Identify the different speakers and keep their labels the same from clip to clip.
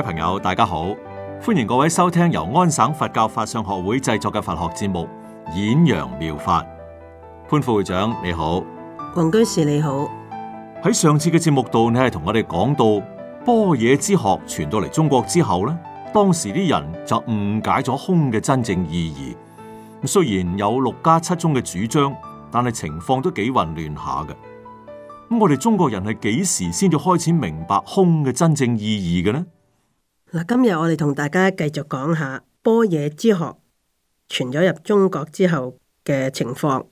Speaker 1: 各位朋友，大家好，歡迎各位收聽由安省佛教法相學會製作嘅佛學節目《演揚妙，妙法》。潘副會長你好，王居士你好。喺上次嘅節目度，你係同我哋講到般若之學傳到嚟中國之後呢，當時啲人就誤解咗空嘅真正意義。咁雖然有六家七宗嘅主張，但係情況都幾混亂下嘅。咁我哋中國人係幾時先至開始明白空嘅真正意義嘅呢？
Speaker 2: 嗱，今日我哋同大家繼續講下般若之學傳咗入中國之後嘅情況。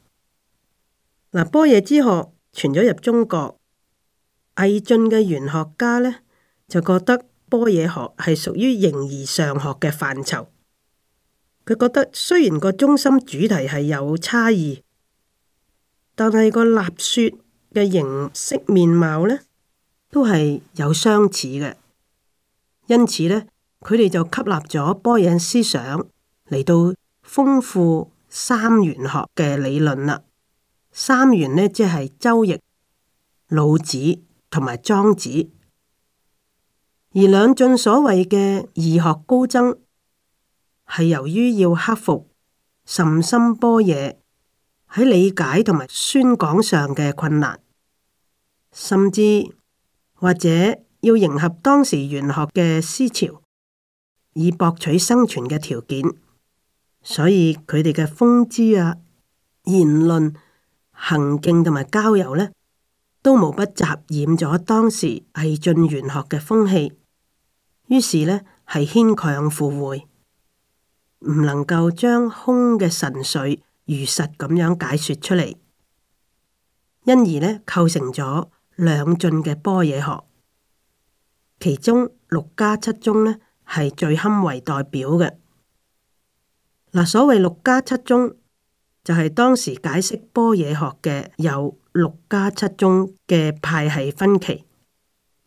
Speaker 2: 嗱，般若之學傳咗入中國，魏晉嘅玄學家呢就覺得般若學係屬於形而上學嘅範疇。佢覺得雖然個中心主題係有差異，但係個立說嘅形式面貌呢都係有相似嘅。因此咧，佢哋就吸納咗般若思想嚟，到豐富三元學嘅理論啦。三元咧，即係周易、老子同埋莊子。而兩晉所謂嘅義學高僧，係由於要克服甚深般若喺理解同埋宣講上嘅困難，甚至或者。要迎合當時玄學嘅思潮，以博取生存嘅條件，所以佢哋嘅風姿啊、言論、行徑同埋交友呢，都無不雜染咗當時魏晉玄學嘅風氣。於是呢，係牽強附會，唔能夠將空嘅神髓如實咁樣解說出嚟，因而呢，構成咗兩晉嘅般若學。其中六家七宗呢，係最堪為代表嘅。嗱，所謂六家七宗，就係、是、當時解釋般若學嘅有六家七宗嘅派系分歧。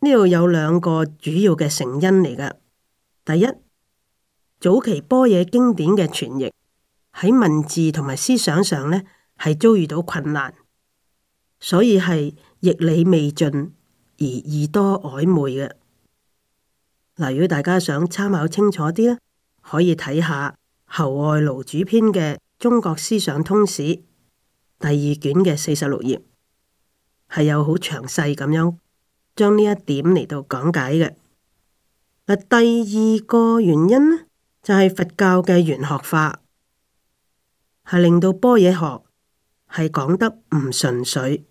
Speaker 2: 呢度有兩個主要嘅成因嚟噶。第一，早期般若經典嘅傳譯喺文字同埋思想上呢，係遭遇到困難，所以係譯理未盡而意多曖昧嘅。例如，如果大家想參考清楚啲咧，可以睇下侯外廬主編嘅《中國思想通史》第二卷嘅四十六頁，係有好詳細咁樣將呢一點嚟到講解嘅。第二個原因咧，就係、是、佛教嘅玄學化係令到般若學係講得唔純粹，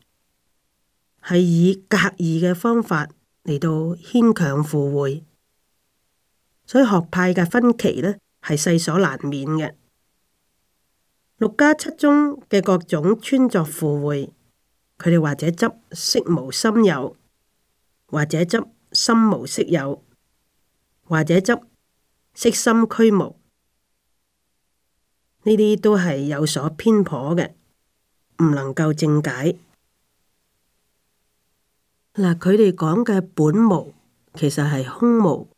Speaker 2: 係以格義嘅方法嚟到牽強附會。所以學派嘅分歧呢，係世所難免嘅。六家七宗嘅各種穿鑿附會，佢哋或者執色無心有，或者執心無色有，或者執色心俱無，呢啲都係有所偏頗嘅，唔能夠正解。嗱，佢哋講嘅本無其實係空無。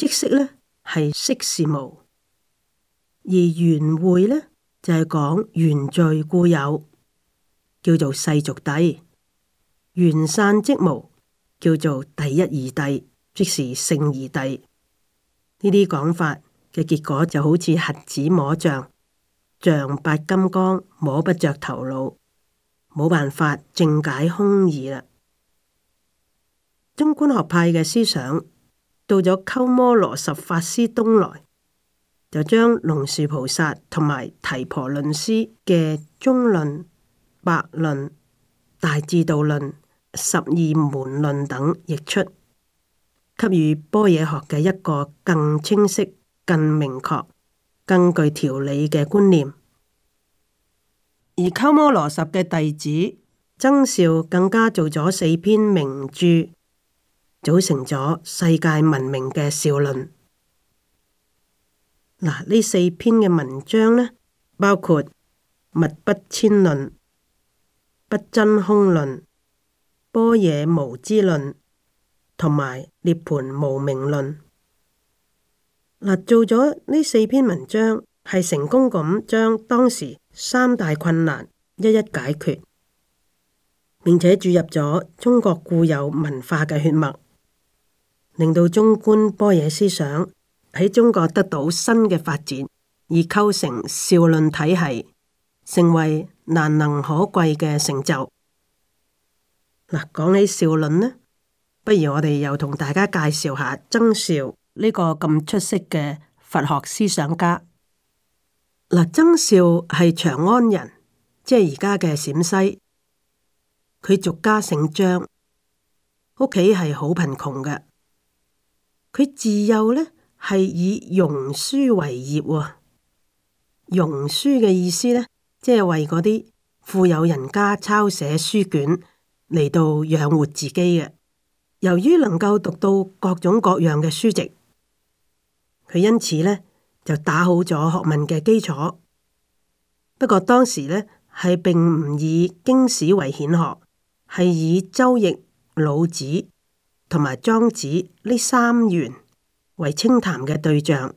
Speaker 2: 即色呢係色是無，而緣會呢就係、是、講緣在故有，叫做世俗諦；緣散即無，叫做第一義諦，即是勝義諦。呢啲講法嘅結果就好似瞎子摸象，丈八金剛摸不着頭腦，冇辦法正解空義啦。中觀學派嘅思想。到咗鳩摩羅什法師東來，就將龍樹菩薩同埋提婆論師嘅中論、百論、大智度論、十二門論等譯出，給予般若學嘅一個更清晰、更明確、更具條理嘅觀念。而鳩摩羅什嘅弟子僧肇更加做咗四篇名著。組成咗世界文明嘅《肇、啊、論》。嗱，呢四篇嘅文章呢，包括《物不遷論》、《不真空論》、《般若無知論》同埋《涅槃無名論》。嗱、啊，做咗呢四篇文章，係成功咁將當時三大困難一一解決，並且注入咗中國固有文化嘅血脈。令到中觀般若思想喺中國得到新嘅發展，而構成肇論體系，成為難能可貴嘅成就。嗱，講起肇論呢，不如我哋又同大家介紹下僧肇呢、這個咁出色嘅佛學思想家。嗱，僧肇係長安人，即係而家嘅陝西。佢俗家姓張，屋企係好貧窮嘅。佢自幼呢，係以謄書為業喎。哦，謄書嘅意思呢，即係為嗰啲富有人家抄寫書卷嚟到養活自己嘅。由於能夠讀到各種各樣嘅書籍，佢因此呢，就打好咗學問嘅基礎。不過當時呢，係並唔以經史為顯學，係以周易、老子。同埋莊子呢三元為清談嘅對象，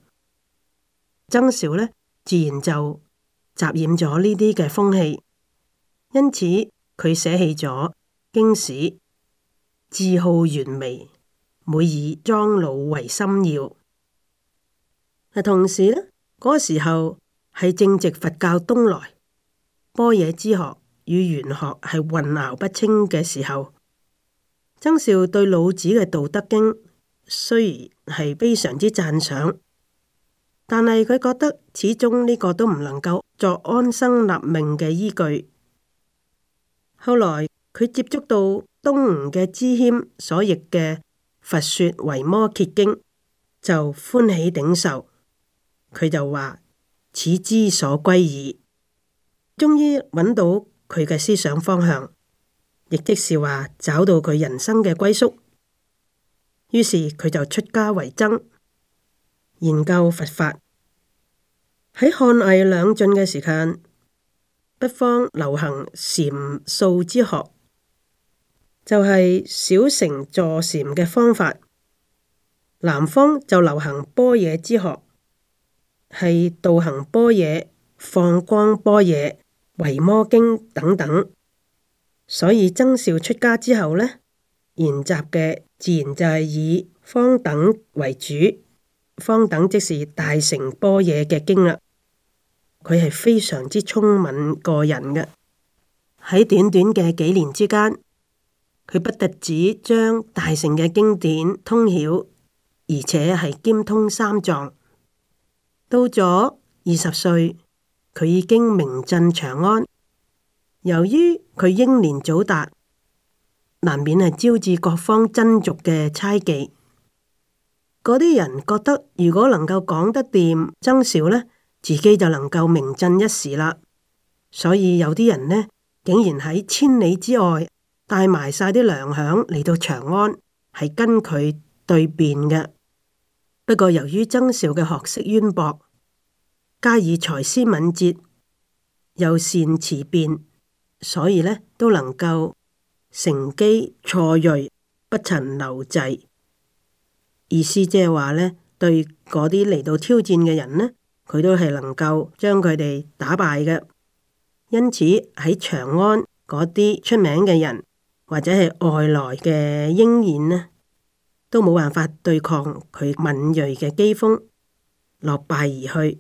Speaker 2: 曾少咧自然就雜染咗呢啲嘅風氣，因此佢捨棄咗經史，字好原味，每以莊老為心要。係同時咧，嗰、那個時候係正值佛教東來，般若之學與玄學係混淆不清嘅時候。曾昭對老子嘅《道德經》雖然係非常之讚賞，但係佢覺得始終呢個都唔能夠作安生立命嘅依據。後來佢接觸到東吳嘅支謙所譯嘅《佛說維摩詰經》，就歡喜頂受，佢就話此之所歸矣，終於揾到佢嘅思想方向。亦即是話，找到佢人生嘅歸宿，於是佢就出家為僧，研究佛法。喺漢魏兩晉嘅時間，北方流行禪數之學，就係、是、小乘坐禪」嘅方法；南方就流行波野之學，係道行波野、放光波野、維摩經等等。所以曾少出家之後呢，研習嘅自然就係以方等為主，方等即是大乘般若嘅經略。啊，佢係非常之聰敏過人嘅，喺 短短嘅幾年之間，佢不特止將大乘嘅經典通曉，而且係兼通三藏。到咗二十歲，佢已經名震長安。由於佢英年早達，難免係招致各方僧俗嘅猜忌。嗰啲人覺得如果能夠講得掂僧肇呢，自己就能夠名震一時啦。所以有啲人呢，竟然喺千里之外帶埋晒啲糧餉嚟到長安，係跟佢對辯嘅。不過由於僧肇嘅學識淵博，加以才思敏捷，又善辭辯。所以呢，都能夠乘機錯鋭，不曾留滯。意思即係話呢，對嗰啲嚟到挑戰嘅人呢，佢都係能夠將佢哋打敗嘅。因此喺長安嗰啲出名嘅人，或者係外來嘅英演呢，都冇辦法對抗佢敏鋭嘅機鋒，落敗而去。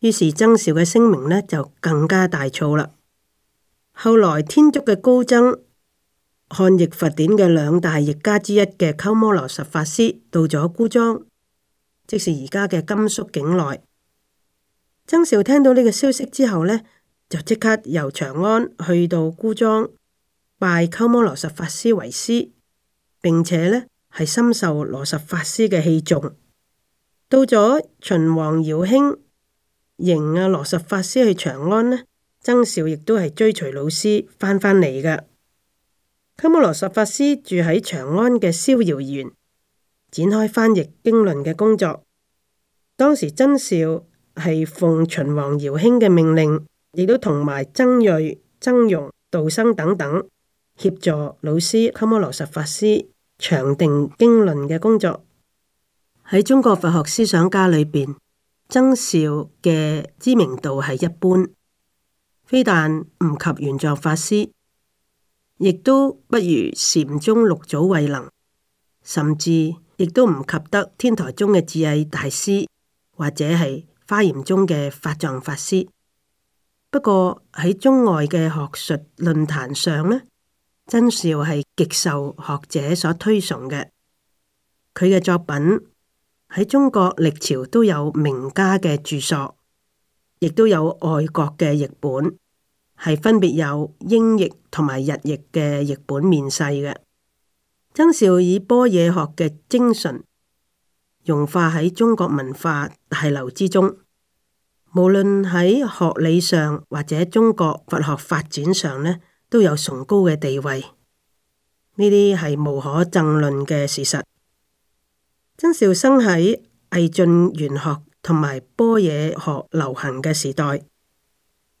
Speaker 2: 於是曾少嘅聲名呢，就更加大噪啦。後來天竺嘅高僧漢譯佛典嘅兩大譯家之一嘅鳩摩羅什法師到咗姑臧，即是而家嘅甘肅境內。僧肇聽到呢個消息之後呢，就即刻由長安去到姑臧，拜鳩摩羅什法師為師，並且呢係深受羅什法師嘅器重。到咗秦王姚興迎阿、啊、羅什法師去長安呢。僧肇亦都係追隨老師翻返嚟㗎，鳩摩羅什法師住喺長安嘅逍遙園，展開翻譯經論嘅工作。當時僧肇係奉秦王姚興嘅命令，亦都同埋僧叡、僧融、道生等等協助老師鳩摩羅什法師詳定經論嘅工作。喺中國佛學思想家裏邊，僧肇嘅知名度係一般。非但唔及玄奘法師，亦都不如禪宗六祖慧能，甚至亦都唔及得天台宗嘅智顗大師，或者係華嚴宗嘅法藏法師。不過喺中外嘅學術論壇上呢，真少係極受學者所推崇嘅。佢嘅作品喺中國歷朝都有名家嘅著作。亦都有外國嘅譯本，係分別有英譯同埋日譯嘅譯本面世嘅。曾肇以波野學嘅精神融化喺中國文化大流之中，無論喺學理上或者中國佛學發展上咧，都有崇高嘅地位。呢啲係無可爭論嘅事實。曾肇生喺魏晉玄學。同埋般若學流行嘅時代，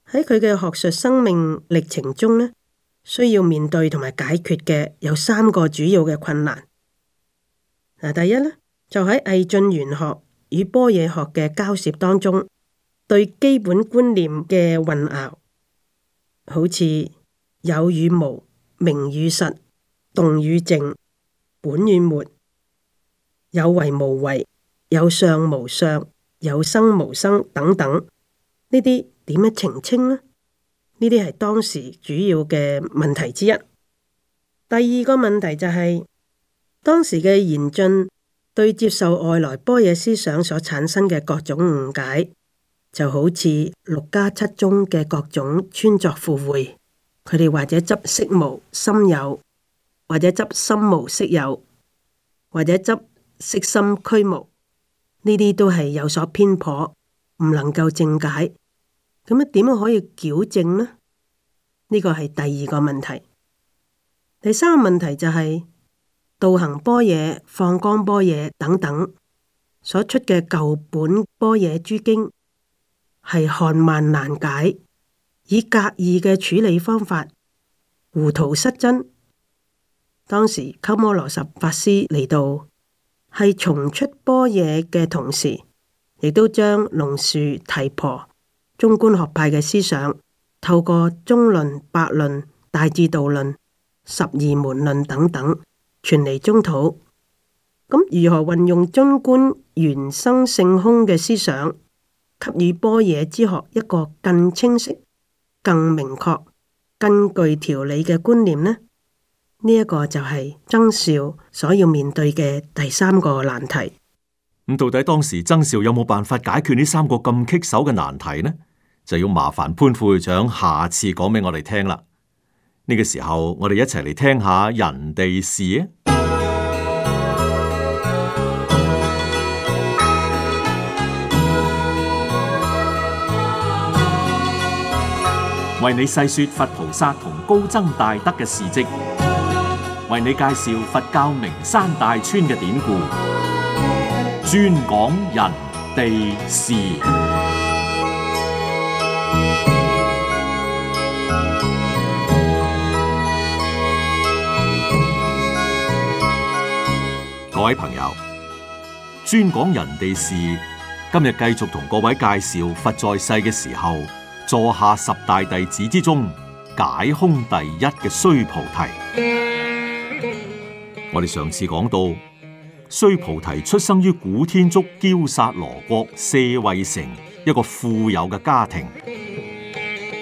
Speaker 2: 喺佢嘅學術生命歷程中呢，需要面對同埋解決嘅有三個主要嘅困難。嗱，第一呢，就喺魏晉玄學與般若學嘅交涉當中，對基本觀念嘅混淆，好似有與無、名與實、動與靜、本與末、有為無為、有相無相，有生無生等等，呢啲點樣澄清呢？呢啲係當時主要嘅問題之一。第二個問題就係、是、當時嘅嚴峻對接受外來般若思想所產生嘅各種誤解，就好似六家七宗嘅各種穿鑿附會，佢哋或者執色無心有，或者執心無色有，或者執色心俱無。呢啲都係有所偏頗，唔能夠正解。咁啊，點樣可以矯正呢？呢個係第二個問題。第三個問題就係、是、道行般若、放光般若等等所出嘅舊本般若諸經，係汗漫難解，以格義嘅處理方法，糊塗失真。當時鳩摩羅什法師嚟到。係重出般若嘅同時，亦都將龍樹、提婆、中觀學派嘅思想，透過中論、百論、大智度論、十二門論等等傳嚟中土。咁如何運用中觀原生性空嘅思想，給予般若之學一個更清晰、更明確、更具條理嘅觀念呢？呢一個就係曾少所要面對嘅第三個難題。
Speaker 1: 咁到底當時曾少有冇辦法解決呢三個咁棘手嘅難題呢？就要麻煩潘副會長下次講俾我哋聽啦。呢個時候我哋一齊嚟，聽下人地事，為你細說佛菩薩同高僧大德嘅事跡。為你介紹佛教名山大川嘅典故，專講 人地事。各位朋友，專講人地事，今日繼續同各位介紹佛在世嘅時候，座下十大弟子之中解空第一嘅須菩提。我哋上次講到，須菩提出生於古天竺憍薩羅國舍衛城一個富有嘅家庭，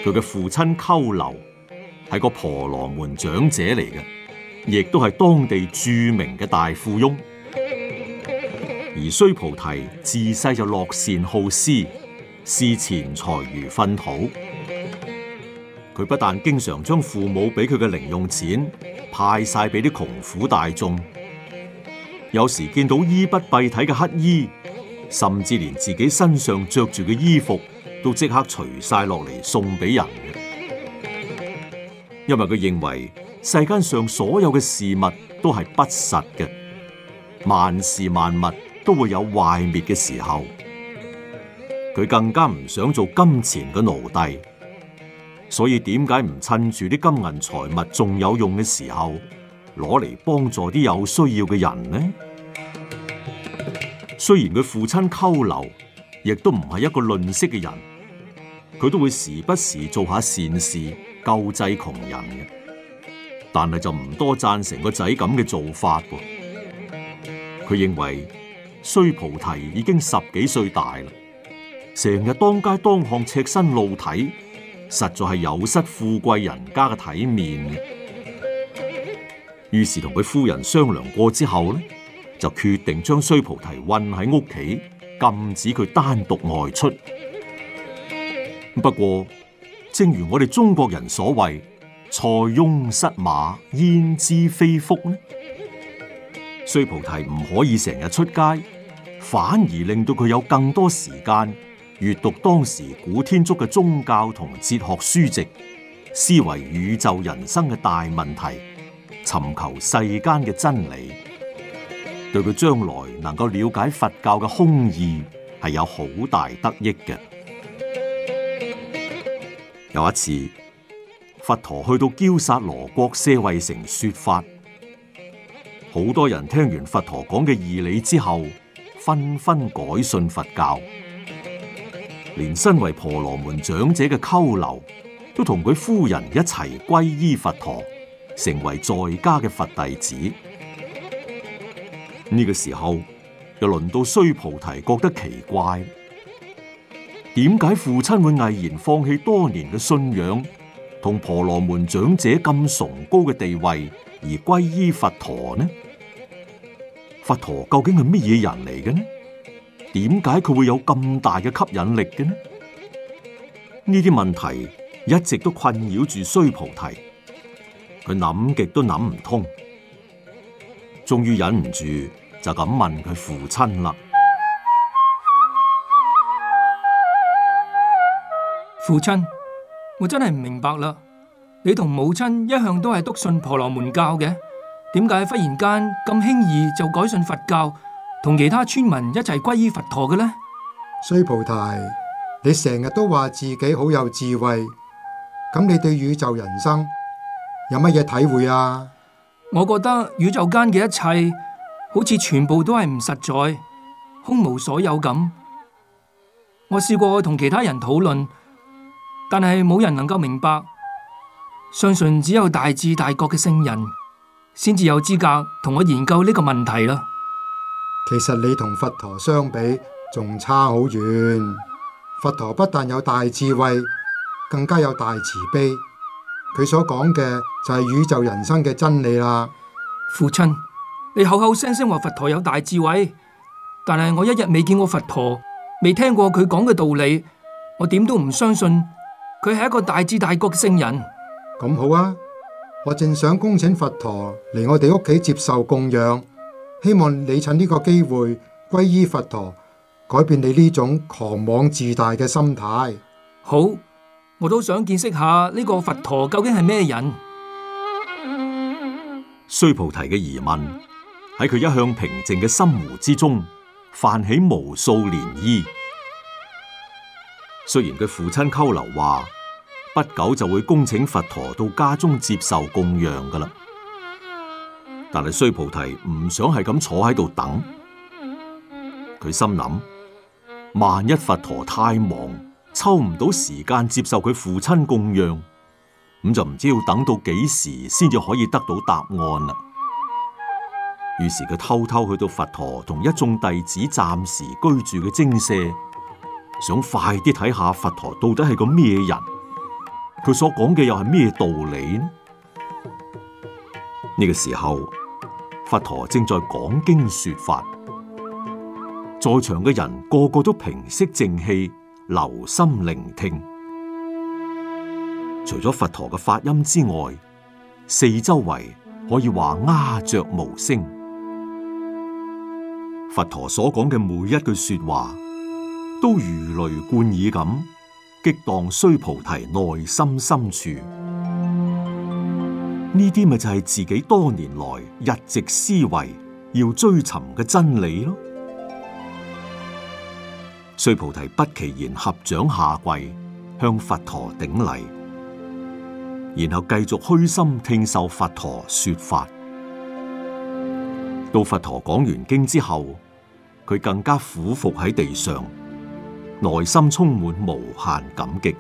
Speaker 1: 佢嘅父親鳩留係個婆羅門長者嚟嘅，亦都係當地著名嘅大富翁。而須菩提自細就樂善好施，視錢財如糞土。佢不但經常將父母俾佢嘅零用錢派晒俾啲窮苦大眾，有時見到衣不蔽體嘅乞衣，甚至連自己身上着住嘅衣服都即刻除晒落嚟送俾人。因為佢認為世間上所有嘅事物都係不實嘅，萬事萬物都會有壞滅嘅時候。佢更加唔想做金錢嘅奴隸。所以點解唔趁住啲金銀財物仲有用嘅時候，攞嚟幫助啲有需要嘅人呢？雖然佢父親鳩留，亦都唔係一個吝嗇嘅人，佢都會時不時做下善事，救濟窮人嘅。但係就唔多贊成個仔咁嘅做法喎。佢認為，須菩提已經十幾歲大啦，成日當街當巷赤身露體，實在係有失富貴人家嘅體面，於是同佢夫人商量過之後呢，就決定將須菩提困喺屋企，禁止佢單獨外出。不過，正如我哋中國人所謂“塞翁失馬，焉知非福”呢？須菩提唔可以成日出街，反而令到佢有更多時間。閱讀當時古天竺嘅宗教同哲學書籍，思維宇宙人生嘅大問題，尋求世間嘅真理，對佢將來能夠了解佛教嘅空義係有好大得益嘅。有一次，佛陀去到憍薩羅國舍衛城說法，好多人聽完佛陀講嘅義理之後，紛紛改信佛教。連身為婆羅門長者嘅溝流，都同佢夫人一齊皈依佛陀，成為在家嘅佛弟子。呢個時候又輪到須菩提覺得奇怪，點解父親會毅然放棄多年嘅信仰，同婆羅門長者咁崇高嘅地位，而皈依佛陀呢？佛陀究竟係乜嘢人嚟嘅呢？點解佢會有咁大嘅吸引力嘅呢？呢啲問題一直都困擾住須菩提，佢諗極都諗唔通，終於忍唔住就咁問佢父親啦。
Speaker 3: 父親，我真係唔明白啦，你同母親一向都係篤信婆羅門教嘅，點解忽然間咁輕易就改信佛教？同其他村民一齊歸依佛陀嘅呢？須菩提，你成日都話自己好有智慧，咁你對宇宙人生有乜嘢體會啊？我覺得宇宙間嘅一切好似全部都係唔實在，空無所有咁。我試過同其他人討論，但係冇人能夠明白。相信只有大智大覺嘅聖人，先至有資格同我研究呢個問題啦。其實你同佛陀相比仲差好遠。佛陀不但有大智慧，更加有大慈悲。佢所講嘅就係宇宙人生嘅真理啦。父親，你口口聲聲話佛陀有大智慧，但係我一日未見過佛陀，未聽過佢講嘅道理，我點都唔相信佢係一個大智大覺嘅聖人。咁好啊，我正想恭請佛陀嚟我哋屋企接受供養。希望你趁呢個機會皈依佛陀，改變你呢種狂妄自大嘅心態。好，我都想見識下呢個佛陀究竟係咩人。
Speaker 1: 須菩提嘅疑問喺佢一向平靜嘅心湖之中泛起無數漣漪。雖然佢父親溝流話不久就會恭請佛陀到家中接受供養噶啦。但係須菩提唔想係咁坐喺度等，佢心諗：萬一佛陀太忙，抽唔到時間接受佢父親供養，咁就唔知要等到幾時先至可以得到答案啦。於是佢偷偷去到佛陀同一眾弟子暫時居住嘅精舍，想快啲睇下佛陀到底係個咩人，佢所講嘅又係咩道理呢？呢個時候，佛陀正在講經說法，在場嘅人個個都平息靜氣，留心聆聽。除咗佛陀嘅發音之外，四周圍可以話鴉雀無聲。佛陀所講嘅每一句說話，都如雷貫耳咁，激盪須菩提內心深處。呢啲咪就係自己多年來一直思維要追尋嘅真理咯。須菩提不其然合掌下跪，向佛陀頂禮，然後繼續虛心聽受佛陀說法。到佛陀講完經之後，佢更加俯伏喺地上，內心充滿無限感激。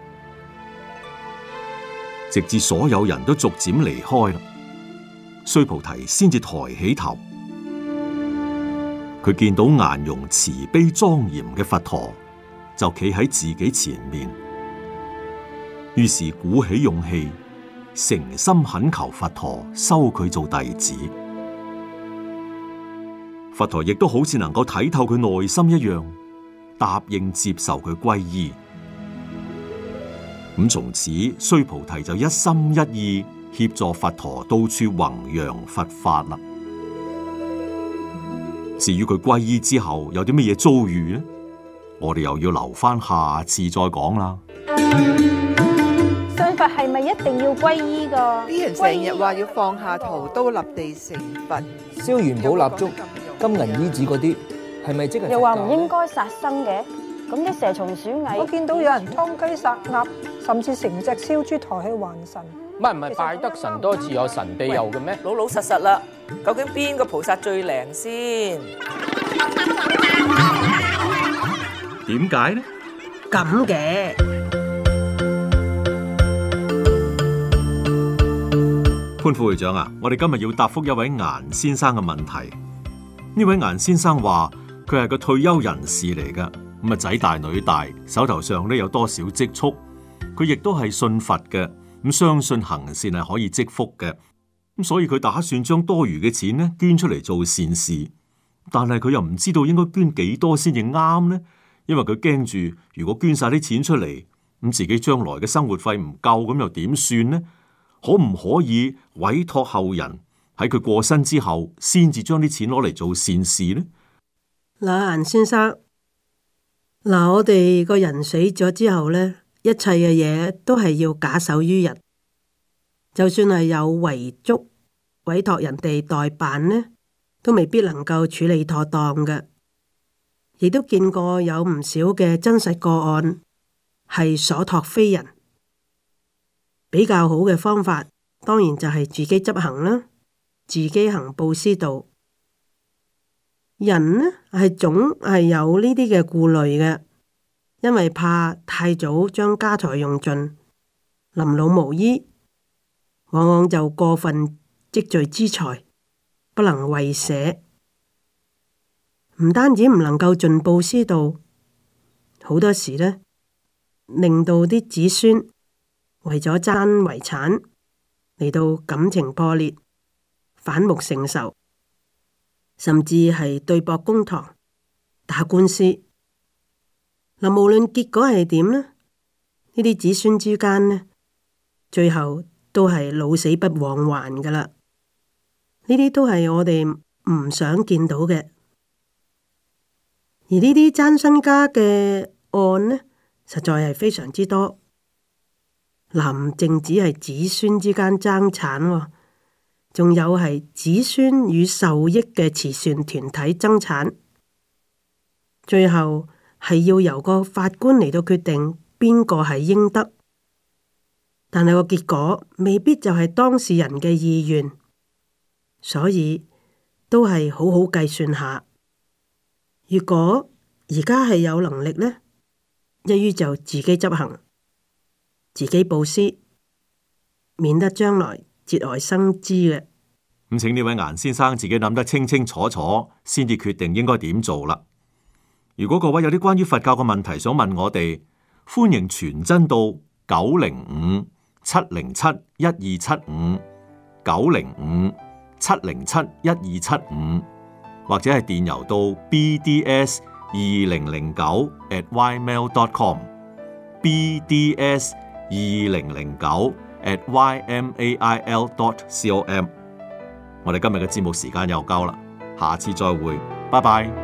Speaker 1: 直至所有人都逐漸離開啦，須菩提先至抬起頭，佢見到顏容慈悲莊嚴嘅佛陀就企喺自己前面，於是鼓起勇氣，誠心懇求佛陀收佢做弟子。佛陀亦都好似能夠睇透佢內心一樣，答應接受佢皈依。咁從此須菩提就一心一意協助佛陀到處弘揚佛法啦。至於佢皈依之後有啲乜嘢遭遇呢？我哋又要留翻下，下次再講啦。
Speaker 3: 信、嗯、佛係咪一定要皈依㗎？啲人成日話要放下屠刀立地成佛，燒 元寶蠟燭、金銀衣紙嗰啲，係咪即係？又話唔
Speaker 2: 應該殺生嘅，咁啲蛇蟲鼠蟻，我見到有人殺雞殺鴨。甚至成隻燒豬抬起還神，
Speaker 3: 唔係唔係拜得神多次，有神庇佑嘅咩？老老實實啦，究竟邊個菩薩最靈先？
Speaker 1: 點解呢？
Speaker 2: 咁嘅
Speaker 1: 潘副會長啊，我哋今日要答復一位顏先生嘅問題。呢位顏先生話佢係個退休人士嚟噶，咁啊仔大女大，手頭上咧有多少積蓄？佢亦都係信佛嘅，咁相信行善係可以積福嘅，咁所以佢打算將多餘嘅錢咧捐出嚟做善事，但係佢又唔知道應該捐幾多先至啱呢，因為佢驚住如果捐晒啲錢出嚟，咁自己將來嘅生活費唔夠，咁又點算呢？可唔可以委託後人喺佢過身之後，先至將啲錢攞嚟做善事呢？
Speaker 2: 嗱、呃，陳先生，嗱、呃，我哋個人死咗之後呢。一切嘅嘢都係要假手於人，就算係有遺囑委託人哋代辦呢，都未必能夠處理妥當嘅。亦都見過有唔少嘅真實個案係所託非人。比較好嘅方法，當然就係自己執行啦，自己行布施道。人呢係總係有呢啲嘅顧慮嘅。因為怕太早將家財用盡，臨老無依，往往就過分積聚資財，不能惠捨。唔單止唔能夠盡布施道，好多時呢，令到啲子孫為咗爭遺產嚟到感情破裂，反目成仇，甚至係對簿公堂，打官司。嗱，無論結果係點咧，呢啲子孫之間咧，最後都係老死不往還噶啦。呢啲都係我哋唔想見到嘅。而呢啲爭身家嘅案咧，實在係非常之多。唔淨止係、哦、子孫之間爭產，仲有係子孫與受益嘅慈善團體爭產，最後。係要由個法官嚟到決定邊個係應得，但係個結果未必就係當事人嘅意願，所以都係好好計算下。如果而家係有能力呢，一於就自己執行，自己布施，免得將來節外生枝嘅。
Speaker 1: 咁請呢位顏先生自己諗得清清楚楚，先至決定應該點做啦。如果各位有啲關於佛教嘅問題想問我哋，歡迎傳真到九零五七零七一二七五九零五七零七一二七五，75, 75, 或者係電郵到 BDS 二零零九 at ymail.com BDS 二零零九 at ymail.com。我哋今日嘅節目時間又夠啦，下次再會，拜拜。